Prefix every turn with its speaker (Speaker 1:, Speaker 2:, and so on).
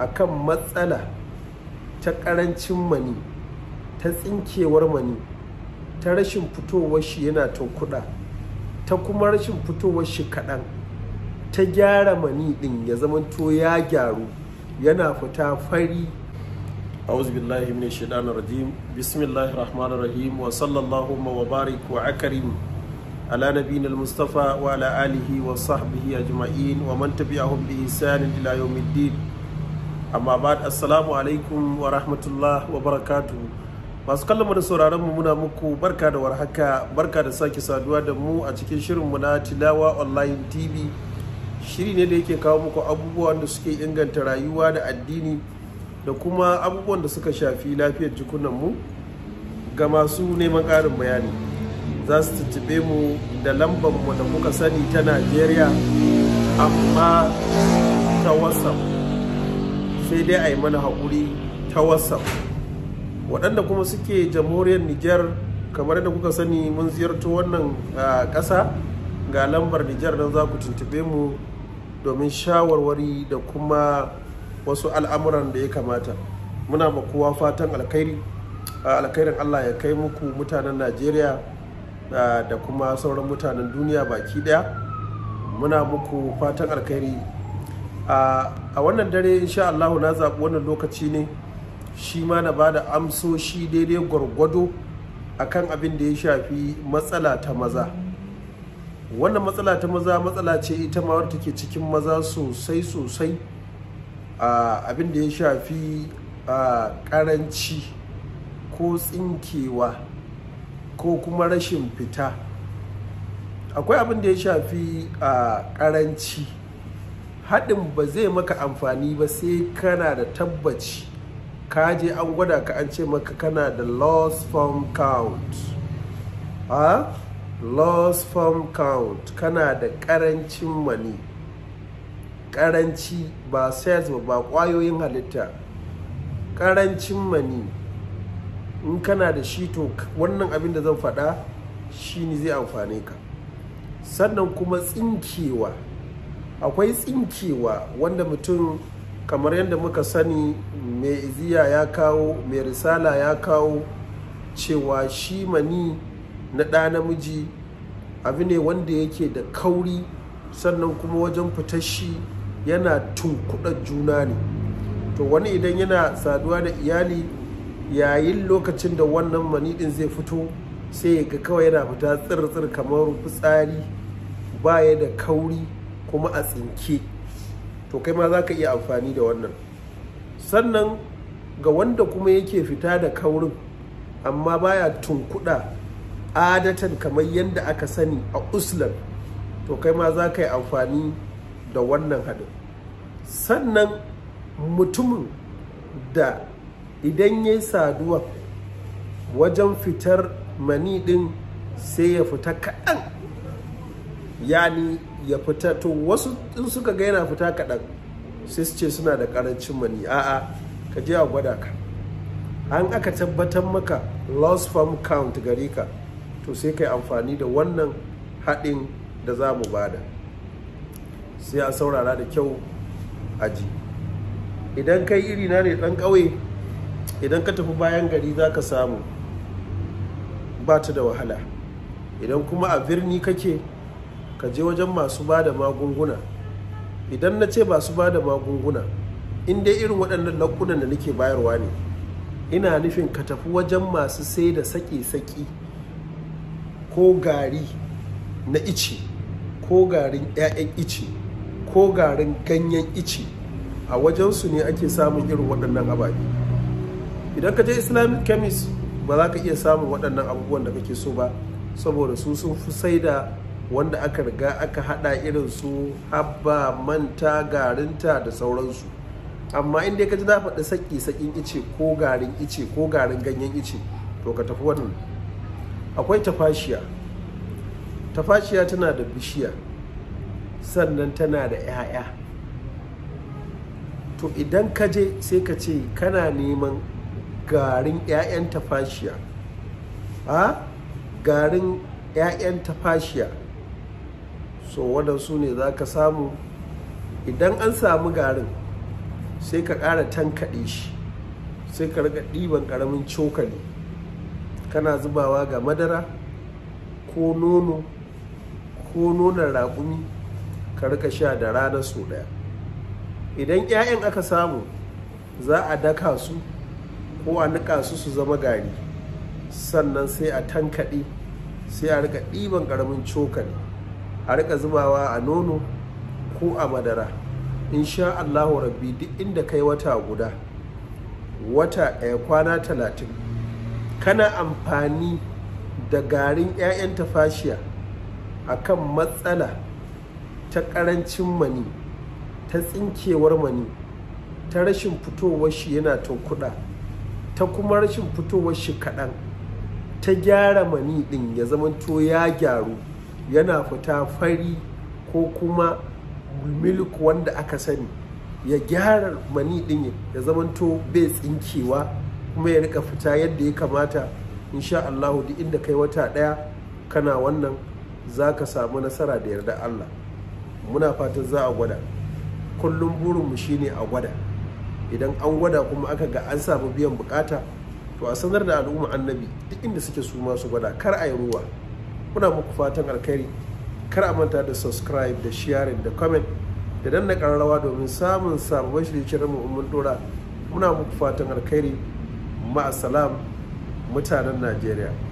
Speaker 1: akan matsala ta ƙarancin mani ta tsinkewar mani ta rashin fitowar shi yana ta kuɗa, ta kuma rashin fitowar shi kaɗan ta gyara mani ɗin ya zamanto ya gyaru yana fita fari أعوذ بالله من الشيطان الرجيم بسم الله الرحمن الرحيم وصلى wa وبارك وأكرم على نبينا المصطفى وعلى آله وصحبه أجمعين ومن تبعهم بإحسان إلى يوم الدين amma ba assalamu alaikum wa rahmatullah wa barakatu masu kallon mu da sauraron mu muna muku barka da warhaka barka da sake saduwa da mu a cikin shirin mu na tilawa online tv shiri ne da yake kawo muku abubuwan da suke inganta rayuwa da addini da kuma abubuwan da suka shafi lafiyar jikunan mu ga masu neman ƙarin bayani za su tuntube mu da lambar mu da muka sani ta najeriya amma ta whatsapp sai dai a yi mana haƙuri ta whatsapp waɗanda kuma suke jamhuriyar niger kamar da kuka sani mun ziyarto wannan ƙasa ga lambar niger don za ku tuntube mu domin shawarwari da kuma wasu al'amuran da ya kamata muna ma kowa fatan alkhairi alkhairin allah ya kai muku mutanen najeriya da kuma sauran mutanen duniya baki daya muna muku fatan alkhairi a wannan dare insha Allah na zaɓi wannan lokaci ne shi ma na ba da amsoshi daidai gwargwado a kan abin da ya shafi matsala ta maza wannan matsala ta maza matsala ce ita ma wadda take cikin maza sosai sosai abin da ya shafi karanci ko tsinkewa ko kuma rashin fita akwai abin da ya shafi karanci haɗin ba zai maka amfani ba sai kana da tabbaci ka je an gwada ka an ce maka kana da loss form count ha loss form count kana da ƙarancin mani ƙaranci ba sales ba ba ƙwayoyin halitta ƙarancin mani in kana da shi to wannan abin da zan faɗa shi ne zai amfane ka sannan kuma tsinkewa akwai tsinkewa wanda mutum kamar yadda muka sani mai iziya ya kawo mai risala ya kawo cewa shi mani na ɗa namiji abu ne wanda yake da kauri sannan kuma wajen fitar shi yana tunkuɗa juna ne to wani idan yana saduwa da iyali yayin lokacin da wannan mani ɗin zai fito sai ga kawai yana fita tsir-tsir kamar fitsari baya da kauri kuma a tsinke to kai ma za ka iya amfani da wannan sannan ga wanda kuma yake fita da kaurin amma baya tunkuɗa adatan kamar yadda aka sani a uslan to kai ma za ka yi amfani da wannan hadin sannan mutumin da idan ya yi saduwa wajen fitar mani ɗin sai ya fita kaɗan yani ya fita to wasu in suka ga yana fita kaɗan sai su ce suna da ƙarancin mani a'a ka je a gwada ka an aka tabbatar maka lost farm count gare ka to sai ka yi amfani da wannan haɗin da za mu bada sai a saurara da kyau a ji idan kai iri na ne ɗan ƙauye idan ka tafi bayan gari za ka samu ba ta da wahala idan kuma a birni kake ka je wajen masu ba da magunguna idan na ce masu ba da magunguna in dai irin waɗannan lakunan da nake bayarwa ne ina nufin ka tafi wajen masu sai da saki-saki ko gari na ice ko garin 'ya'yan ice ko garin ganyen ice a wajensu ne ake samun irin waɗannan ababe idan ka je islamic chemist ba za ka iya samun waɗannan abubuwan da kake so ba saboda su sun fi sai da wanda aka riga aka hada irin su habba manta garinta da sauransu amma inda ka ji na faɗi saki sakin ice ko garin ice ko garin ganyen ice to ka tafi wannan akwai tafashiya tafashiya tana da bishiya sannan tana da 'ya'ya to idan ka je sai ka ce kana neman garin 'ya'yan tafashiya a ah, garin 'ya'yan tafashiya so waɗansu ne za ka samu idan an samu garin sai ka ƙara tankaɗe shi sai ka riga ɗiban ƙaramin cokali kana zubawa ga madara ko nono ko nonon raƙumi ka rika sha da rana sau ɗaya idan 'ya'yan aka samu za a daka su ko a niƙa su su zama gari sannan sai a tankaɗe sai a rika ɗiban ƙaramin cokali a rika zubawa a nono ko a madara insha allahu rabbi duk inda kai wata guda wata ɗaya kwana talatin kana amfani da garin 'ya'yan tafashiya a kan matsala ta ƙarancin mani ta tsinkewar mani ta rashin fitowar shi yana tunkuɗa ta kuma rashin fitowar shi kaɗan ta gyara mani ɗin ya zamanto ya gyaru yana fita fari ko kuma milk wanda aka sani ya gyara mani din ya zamanto bai tsinkewa kuma ya rika fita yadda ya kamata insha Allahu duk inda kai wata daya kana wannan za ka samu nasara da yarda Allah muna fatan za a gwada kullum burin burinmu shine a gwada idan an gwada kuma aka ga an samu biyan bukata to a sanar da al'umma annabi duk inda suke su su gwada kar a yi ruwa muna muku fatan alkhairi kar a manta da subscribe da sharing da comment da danna kararrawa domin samun sababbin shirye-shiryen mu mun dora muna muku fatan alkhairi ma'asalam mutanen najeriya